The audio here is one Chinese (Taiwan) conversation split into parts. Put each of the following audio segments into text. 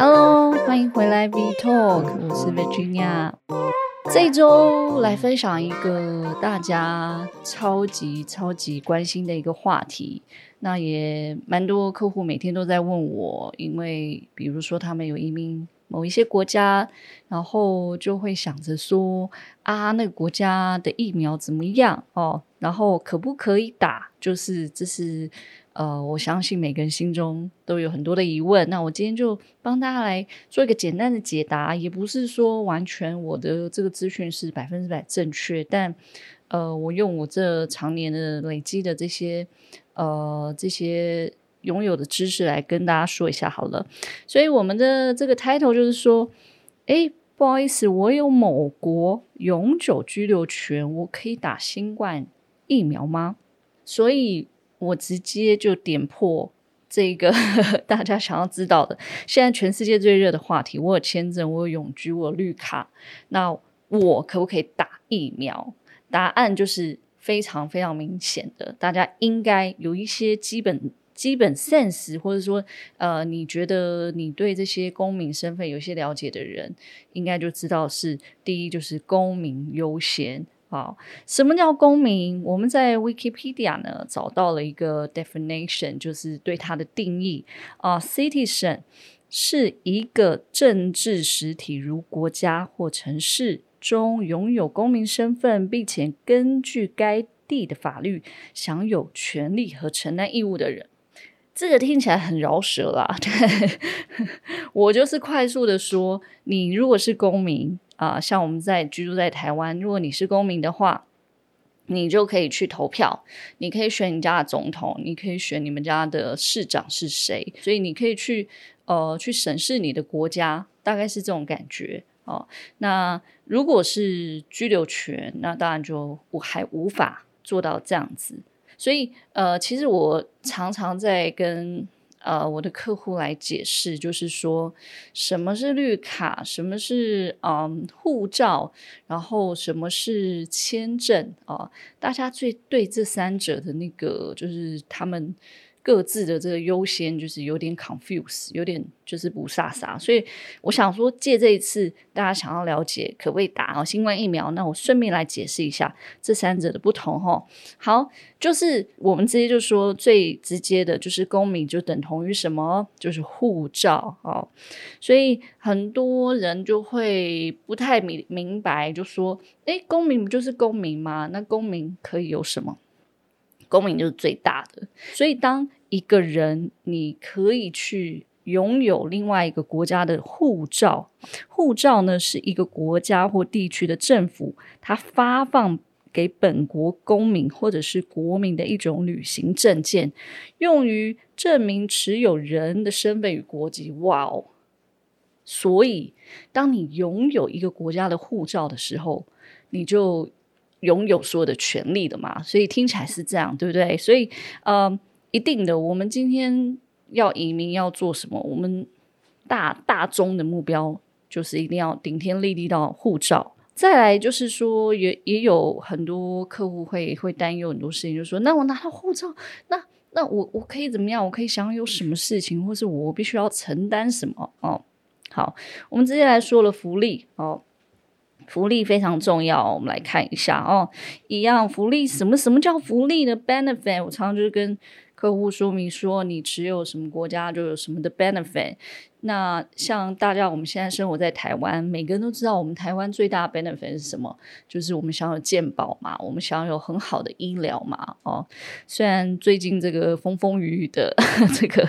Hello，歡迎回來 V Talk，我是 Virginia。這周來分享一個大家超級超級關心的一個話題。那也蠻多客戶每天都在問我，因為比如說他們有移民某一些國家，然後就會想着說啊，那個國家的疫苗怎麼樣哦，然後可不可以打？就是這是。呃，我相信每個人心中都有很多的疑問。那我今天就幫大家來做一個簡單的解答，也不是說完全我的這個資訊是百分之百正確，但呃，我用我這常年的累積的這些呃這些擁有的知識來跟大家說一下好了。所以我們的這個 title 就是說，哎，不好意思，我有某國永久居留權，我可以打新冠疫苗嗎？所以。我直接就點破這個大家想要知道的，現在全世界最熱的話題。我有簽證，我有永居，我有綠卡，那我可不可以打疫苗？答案就是非常非常明顯的。大家應該有一些基本基本 sense，或者說，呃，你覺得你對這些公民身份有些了解的人，應該就知道是第一就是公民優先。好、哦，什麼叫公民？我們在 Wikipedia 呢，找到了一個 definition，就是對它的定義。啊，citizen 是一個政治實體，如國家或城市中擁有公民身份，並且根據該地的法律享有權利和承擔義務的人。這個聽起來很饒舌了，對 我就是快速的說，你如果是公民。啊、呃，像我們在居住在台灣，如果你是公民的話，你就可以去投票，你可以選你家的總統，你可以選你們家的市長是誰，所以你可以去呃去審視你的國家，大概是這種感覺哦、呃。那如果是居留權，那當然就我還無法做到這樣子，所以呃，其實我常常在跟。呃，我的客戶來解釋，就是說什麼是綠卡，什麼是嗯護照，然後什麼是簽證啊，呃，大家最對這三者的那個，就是他們。各自的這個優先就是有點 confuse，有點就是不煞煞，所以我想說借這一次大家想要了解，可不可以打新冠疫苗？那我順便來解釋一下這三者的不同哦。好，就是我們直接就說最直接的，就是公民就等同於什麼？就是護照哦。所以很多人就會不太明明白，就說：哎，公民不就是公民嗎？那公民可以有什麼？公民就是最大的，所以當一個人你可以去擁有另外一個國家的護照，護照呢是一個國家或地區的政府，它發放給本國公民或者是國民的一種旅行證件，用於證明持有人的身份與國籍。哇哦！所以當你擁有一個國家的護照的時候，你就。擁有所有的權利的嘛，所以聽起來是這樣，對不對？所以嗯、呃，一定的，我們今天要移民要做什麼？我們大大宗的目標就是一定要頂天立地到護照。再來就是說，也也有很多客戶會會擔憂很多事情就是，就說那我拿到護照，那那我我可以怎麼樣？我可以享有什麼事情，或是我必須要承擔什麼？哦，好，我們直接來說了福利哦。福利非常重要，我們來看一下哦。一樣福利什麼？什麼叫福利呢？benefit，我常常就是跟客戶說明說，你持有什麼國家就有什麼的 benefit。那像大家我們現在生活在台灣，每個人都知道我們台灣最大的 benefit 是什麼？就是我們享有健保嘛，我們享有很好的醫療嘛。哦，雖然最近這個風風雨雨的呵呵這個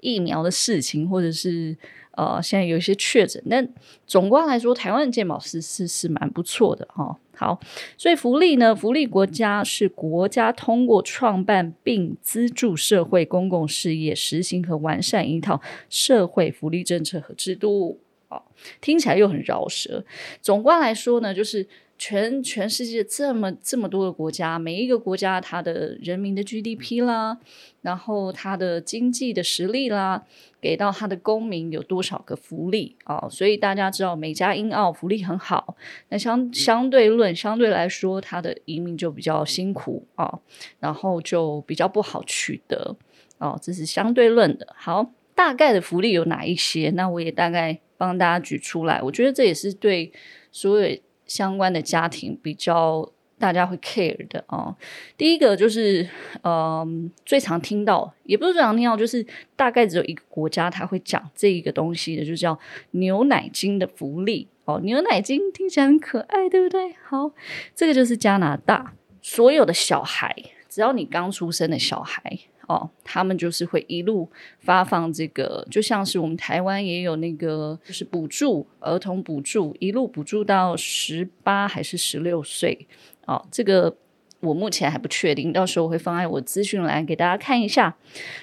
疫苗的事情，或者是。呃，現在有一些確診，但總觀來說，台灣的健保是是是蠻不錯的哈、哦。好，所以福利呢，福利國家是國家通過創辦並資助社會公共事業，實行和完善一套社會福利政策和制度。哦，聽起來又很饒舌。總觀來說呢，就是。全全世界這麼這麼多個國家，每一個國家它的人民的 GDP 啦，然後它的經濟的實力啦，給到它的公民有多少個福利啊、哦？所以大家知道美加英澳福利很好，那相相對論相對來說，它的移民就比較辛苦啊、哦，然後就比較不好取得哦，這是相對論的。好，大概的福利有哪一些？那我也大概幫大家舉出來。我覺得這也是對所有。相關的家庭比較大家會 care 的哦，第一個就是，嗯，最常聽到也不是最常聽到，就是大概只有一個國家他會講這一個東西的，就叫牛奶金的福利哦。牛奶金聽起來很可愛，對不對？好，這個就是加拿大，所有的小孩，只要你剛出生的小孩。哦，他們就是會一路發放這個，就像是我們台灣也有那個，就是補助兒童補助，一路補助到十八還是十六歲？哦，這個我目前還不確定，到時候我會放在我資訊欄給大家看一下。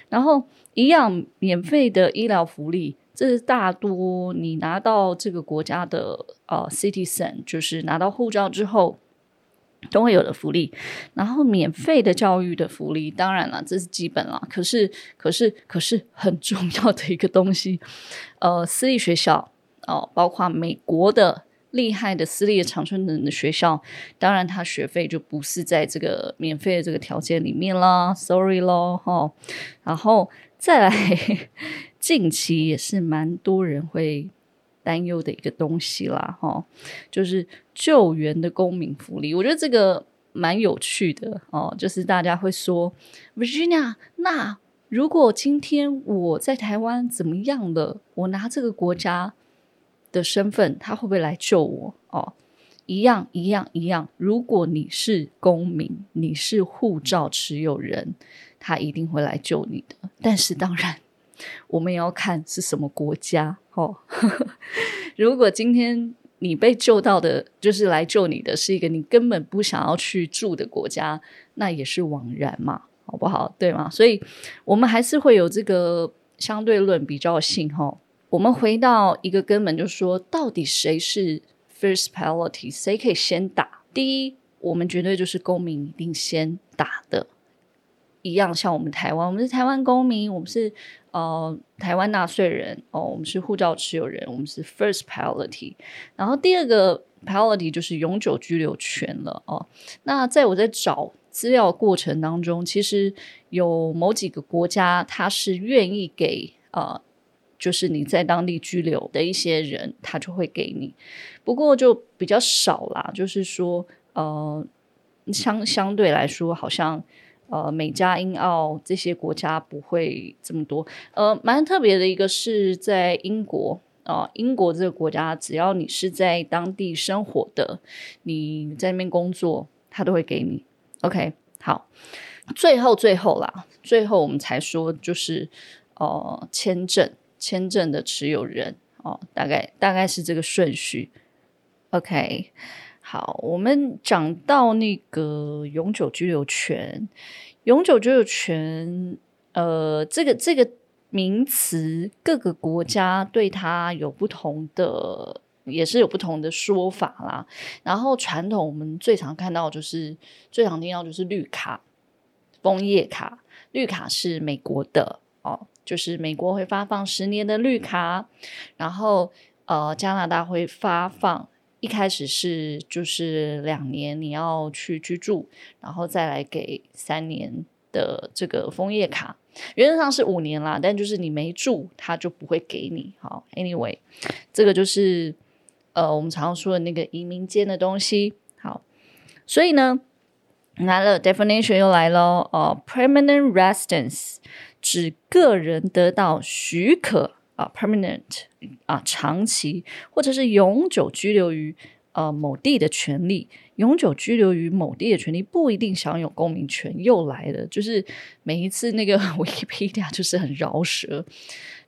然後，一樣免費的醫療福利，這是大多你拿到這個國家的哦、呃、citizen，就是拿到護照之後。都會有的福利，然後免費的教育的福利，當然了，這是基本了。可是，可是，可是很重要的一個東西，呃，私立學校哦，呃，包括美國的厲害的私立常春藤的學校，當然他學費就不是在這個免費的這個條件裡面啦，sorry 咯，哈。然後再來，近期也是蠻多人會。擔憂的一個東西啦，哦，就是救援的公民福利。我覺得這個蠻有趣的哦，就是大家會說，Virginia，那如果今天我在台灣怎麼樣了，我拿這個國家的身份，他會不會來救我？哦，一樣，一樣，一樣。如果你是公民，你是護照持有人，他、嗯、一定會來救你的。但是當然，我們也要看是什麼國家。哦呵呵，如果今天你被救到的，就是來救你的是一個你根本不想要去住的國家，那也是枉然嘛，好不好？對嗎？所以，我們還是會有這個相對論比較性哈。我們回到一個根本，就是說，到底誰是 first priority，誰可以先打？第一，我們絕對就是公民一定先打的。一樣，像我們台灣，我們是台灣公民，我們是呃台灣納稅人哦、呃，我們是護照持有人，我們是 first priority。然後第二個 priority 就是永久居留權了哦、呃。那在我在找資料過程當中，其實有某幾個國家，他是願意給呃，就是你在當地居留的一些人，他就會給你。不過就比較少啦，就是說呃，相相對來說好像。呃，美加英澳這些國家不會這麼多。呃，蠻特別的一個是在英國，呃，英國這個國家，只要你是在當地生活的，你在那邊工作，他都會給你。OK，好，最後最後啦，最後我們才說就是哦、呃，簽證，簽證的持有人哦、呃，大概大概是這個順序。OK。好，我們講到那個永久居留權，永久居留權，呃，這個這個名詞，各個國家對它有不同的，也是有不同的說法啦。然後，傳統我們最常看到就是最常聽到就是綠卡，楓葉卡。綠卡是美國的哦，就是美國會發放十年的綠卡，然後呃，加拿大會發放。一開始是就是兩年你要去居住，然後再來給三年的這個楓葉卡，原則上是五年啦，但就是你沒住，他就不會給你。好，Anyway，這個就是呃我們常說的那個移民監的東西。好，所以呢，拿了 definition 又來了哦，permanent residence 指個人得到許可。啊、uh,，permanent 啊、uh,，長期或者是永久居留於呃某地的權利，永久居留於某地的權利不一定享有公民權。又來了，就是每一次那個 Wikipedia 就是很饒舌。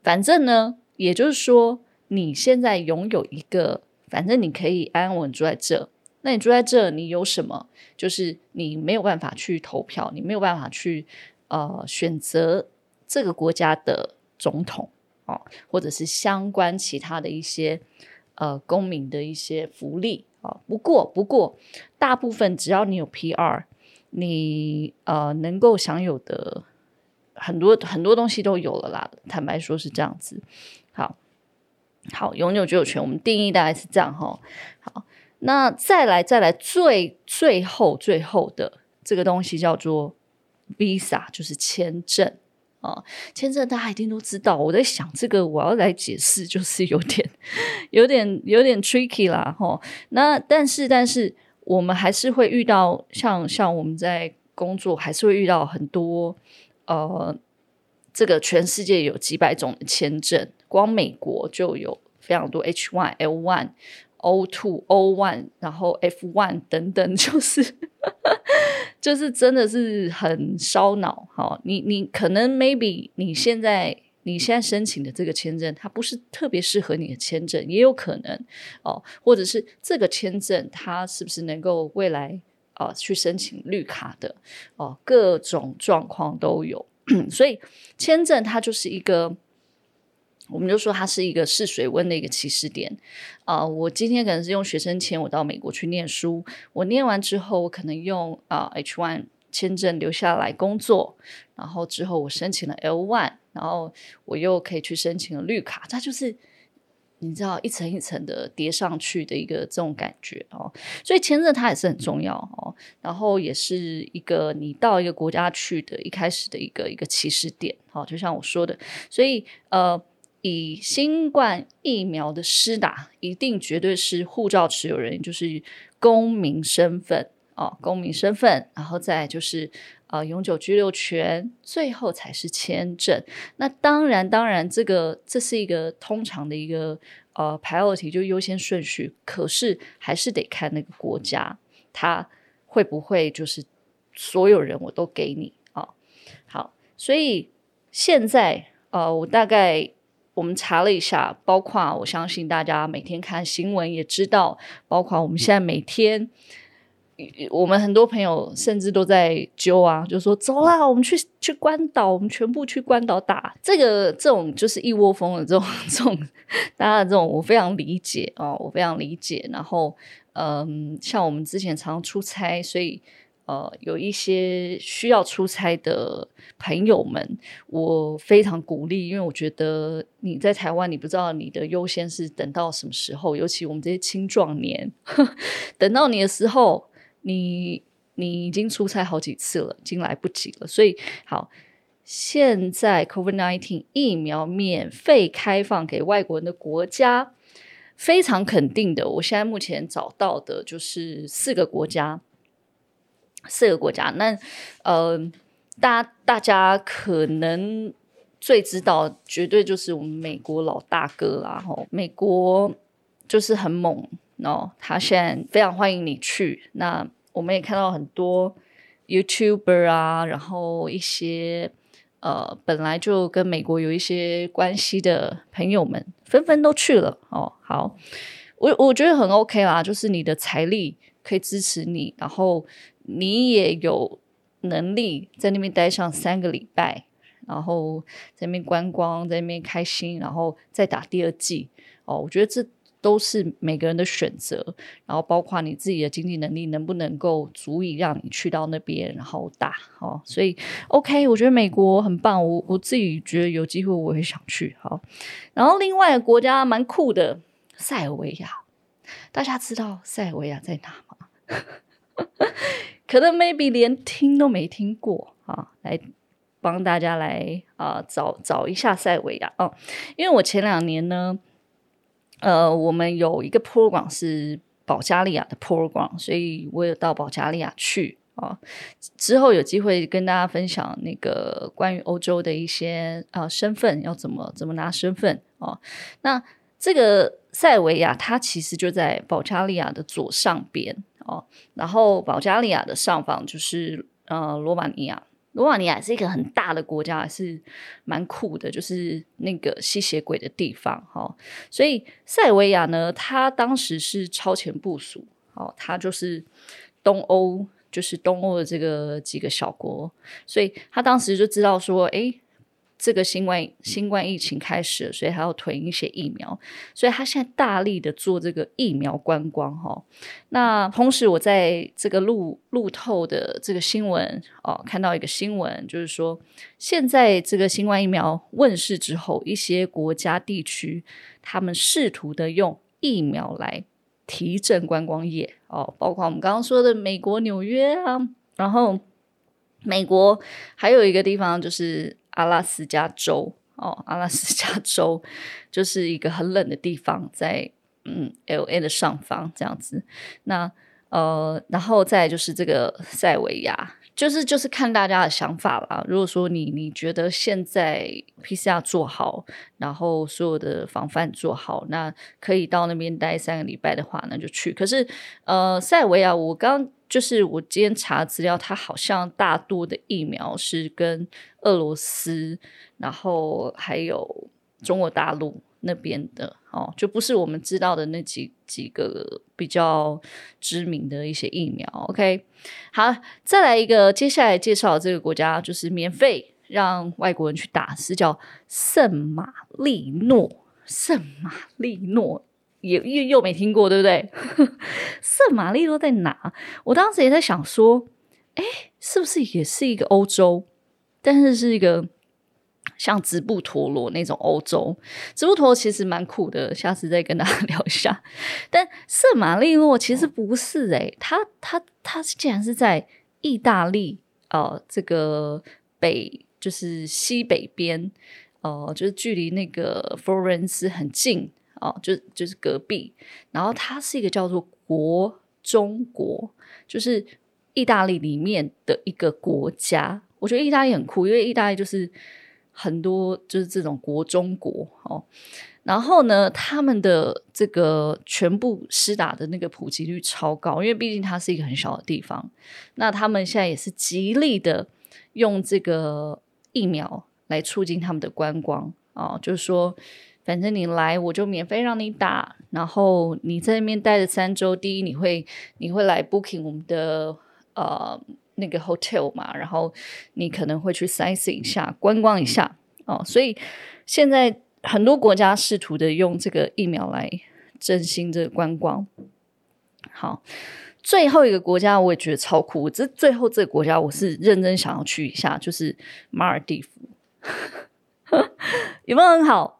反正呢，也就是說，你現在擁有一個，反正你可以安穩住在這。那你住在這，你有什麼？就是你沒有辦法去投票，你沒有辦法去呃選擇這個國家的總統。哦，或者是相關其他的一些呃公民的一些福利啊、呃。不過，不過大部分只要你有 PR，你呃能夠享有的很多很多東西都有了啦。坦白說是這樣子。好，好，永久居留權我們定義大概是這樣哈、哦。好，那再來再來最最後最後的這個東西叫做 Visa，就是簽證。哦，簽證大家一定都知道。我在想這個，我要來解釋，就是有點、有點、有點 tricky 啦，哈、哦。那但是，但是我們還是會遇到，像像我們在工作，還是會遇到很多。呃，這個全世界有幾百種的簽證，光美國就有非常多，H one、L one、O two、O one，然後 F one 等等，就是。呵呵就是真的是很燒腦，哈、哦，你你可能 maybe 你現在你現在申請的這個簽證，它不是特別適合你的簽證，也有可能哦，或者是這個簽證它是不是能夠未來啊、呃、去申請綠卡的，哦，各種狀況都有， 所以簽證它就是一個。我們就說它是一個試水溫的一個起始點啊、呃。我今天可能是用學生簽，我到美國去念書。我念完之後，我可能用啊、呃、H One 簽證留下來工作，然後之後我申請了 L One，然後我又可以去申請了綠卡。它就是你知道一層一層的疊上去的一個這種感覺哦。所以簽證它也是很重要哦，然後也是一個你到一個國家去的一開始的一個一個起始點。好、哦，就像我說的，所以呃。以新冠疫苗的施打，一定絕對是護照持有人，就是公民身份啊、哦，公民身份，然後再就是呃永久居留權，最後才是簽證。那當然，當然，這個這是一個通常的一個呃 priority 就優先順序。可是還是得看那個國家，他會不會就是所有人我都給你啊、哦？好，所以現在呃，我大概。我們查了一下，包括我相信大家每天看新聞也知道，包括我們現在每天，我們很多朋友甚至都在揪啊，就說走啦，我們去去關島，我們全部去關島打。這個這種就是一窩蜂的這種這種，大家的這種我非常理解哦，我非常理解。然後嗯，像我們之前常常出差，所以。呃，有一些需要出差的朋友們，我非常鼓勵，因為我覺得你在台灣，你不知道你的優先是等到什麼時候。尤其我們這些青壯年，呵，等到你的時候，你你已經出差好幾次了，已經來不及了。所以，好，現在 COVID-19 疫苗免費開放給外國人的國家，非常肯定的。我現在目前找到的就是四個國家。四個國家，那呃，大大家可能最知道，絕對就是我們美國老大哥啦。吼、哦，美國就是很猛，然後、哦、他現在非常歡迎你去。那我們也看到很多 YouTuber 啊，然後一些呃本來就跟美國有一些關係的朋友們，紛紛都去了哦。好，我我覺得很 OK 啦，就是你的財力可以支持你，然後。你也有能力在那邊待上三個禮拜，然後在那邊觀光，在那邊開心，然後再打第二劑哦。我覺得這都是每個人的選擇，然後包括你自己的經濟能力能不能夠足以讓你去到那邊，然後打哦。所以 OK，我覺得美國很棒，我我自己覺得有機會我也想去。好，然後另外一個國家蠻酷的塞爾維亞，大家知道塞爾維亞在哪嗎？ 可能 maybe 連聽都沒聽過啊，來幫大家來啊找找一下塞維亞啊，因為我前兩年呢，呃，我們有一個 program 是保加利亞的 program，所以我有到保加利亞去啊，之後有機會跟大家分享那個關於歐洲的一些啊身份要怎麼怎麼拿身份啊，那這個塞維亞它其實就在保加利亞的左上邊。哦，然後保加利亞的上方就是呃羅馬尼亞，羅馬尼亞是一個很大的國家，還是蠻酷的，就是那個吸血鬼的地方哈、哦。所以塞爾維亞呢，他當時是超前部署，哦，他就是東歐，就是東歐的這個幾個小國，所以他當時就知道說，誒。這個新冠新冠疫情開始，所以還要囤一些疫苗，所以他現在大力的做這個疫苗觀光哈、哦。那同時，我在這個路路透的這個新聞哦，看到一個新聞，就是說現在這個新冠疫苗問世之後，一些國家地區他們試圖的用疫苗來提振觀光業哦，包括我們剛剛說的美國紐約啊，然後美國還有一個地方就是。阿拉斯加州哦，阿拉斯加州就是一個很冷的地方，在嗯 LA 的上方這樣子。那呃，然後再就是這個塞維亞，就是就是看大家的想法啦。如果說你你覺得現在 PCR 做好，然後所有的防範做好，那可以到那邊待三個禮拜的話，那就去。可是呃，塞維亞我剛。就是我今天查資料，它好像大多的疫苗是跟俄羅斯，然後還有中國大陸那邊的哦，就不是我們知道的那幾幾個比較知名的一些疫苗。OK，好，再來一個，接下來介紹這個國家就是免費讓外國人去打，是叫聖馬力諾，聖馬力諾。也又又沒聽過，對不對？聖 馬力諾在哪？我當時也在想說，誒、欸，是不是也是一個歐洲？但是是一個像直布陀羅那種歐洲。直布陀羅其實蠻酷的，下次再跟大家聊一下。但聖馬力諾其實不是誒、欸，他它它竟然是在意大利啊、呃，這個北就是西北邊，哦、呃，就是距離那個佛羅倫斯很近。哦，就就是隔壁，然後它是一個叫做國中國，就是意大利裡面的一個國家。我覺得意大利很酷，因為意大利就是很多就是這種國中國哦。然後呢，他們的這個全部施打的那個普及率超高，因為畢竟它是一個很小的地方。那他們現在也是極力的用這個疫苗來促進他們的觀光哦，就是說。反正你來，我就免費讓你打。然後你在那邊待了三週，第一你會你會來 booking 我們的呃那個 hotel 嘛，然後你可能會去 sizing 一下，觀光一下哦。所以現在很多國家試圖的用這個疫苗來振興這個觀光。好，最後一個國家我也覺得超酷。這最後這個國家我是認真想要去一下，就是馬爾地夫， 有沒有很好？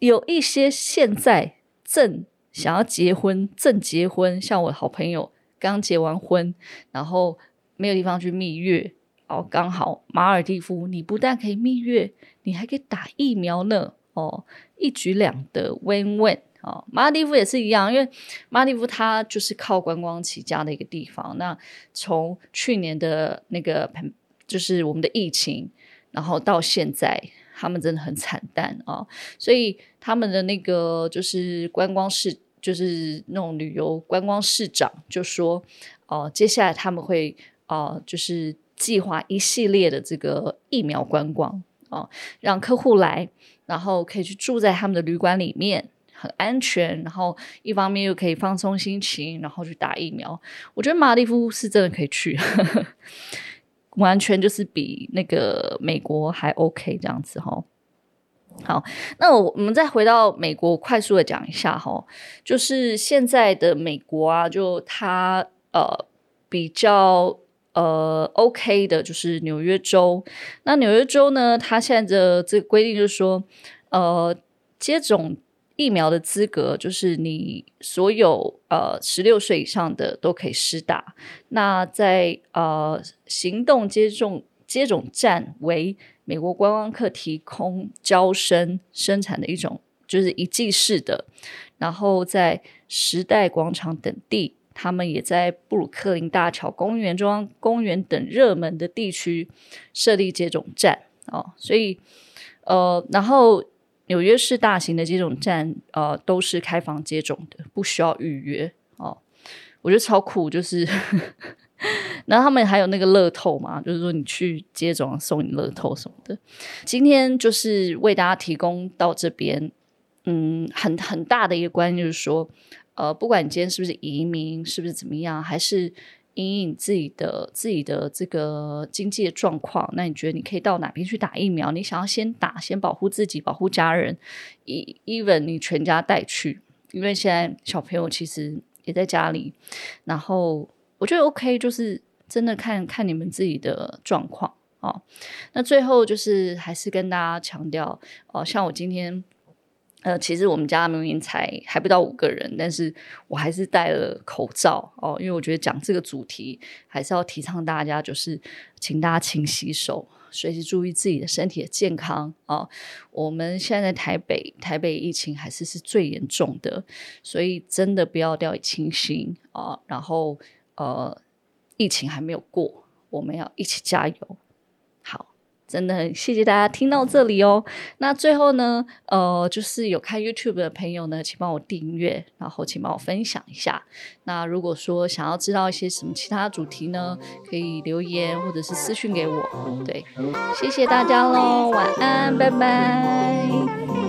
有一些現在正想要結婚、正結婚，像我好朋友剛結完婚，然後沒有地方去蜜月哦，剛好馬爾地夫，你不但可以蜜月，你還可以打疫苗呢哦，一舉兩得，win win，哦，馬爾地夫也是一樣，因為馬爾地夫它就是靠觀光起家的一個地方。那從去年的那個就是我們的疫情，然後到現在。他們真的很慘淡啊，所以他們的那個就是觀光室，就是那種旅遊觀光市長就說，哦、啊，接下來他們會哦、啊，就是計劃一系列的這個疫苗觀光哦、啊，讓客戶來，然後可以去住在他們的旅館裡面，很安全，然後一方面又可以放鬆心情，然後去打疫苗。我覺得馬利夫是真的可以去。呵呵完全就是比那個美國還 OK 這樣子哈。好，那我我們再回到美國，快速的講一下哈。就是現在的美國啊，就它呃比較呃 OK 的，就是紐約州。那紐約州呢，它現在的這個規定就是說，呃，接種。疫苗的資格就是你所有呃十六歲以上的都可以施打。那在呃行動接種接種站為美國觀光客提供嬌生生產的一種就是一劑式的。然後在時代廣場等地，他們也在布魯克林大橋、公園中央公園等熱門的地區設立接種站哦。所以呃，然後。紐約市大型的接種站，呃，都是開放接種的，不需要預約哦。我覺得超酷，就是，那 他們還有那個樂透嘛，就是說你去接種，啊、送你樂透什麼的。今天就是為大家提供到這邊，嗯，很很大的一個觀念就是說，呃，不管你今天是不是移民，是不是怎麼樣，還是。因應自己的自己的這個經濟的狀況，那你覺得你可以到哪邊去打疫苗？你想要先打，先保護自己，保護家人，even 你全家帶去，因為現在小朋友其實也在家裡。然後我覺得 OK，就是真的看看你們自己的狀況哦。那最後就是還是跟大家強調哦，像我今天。呃，其實我們家明明才還不到五個人，但是我還是戴了口罩哦，因為我覺得講這個主題還是要提倡大家，就是請大家勤洗手，隨時注意自己的身體的健康哦。我們現在在台北，台北疫情還是是最嚴重的，所以真的不要掉以輕心啊、哦。然後呃，疫情還沒有過，我們要一起加油。真的很謝謝大家聽到這裡哦。那最後呢，呃，就是有看 YouTube 的朋友呢，請幫我訂閱，然後請幫我分享一下。那如果說想要知道一些什麼其他主題呢，可以留言或者是私訊給我。對，謝謝大家嘍，晚安，拜拜。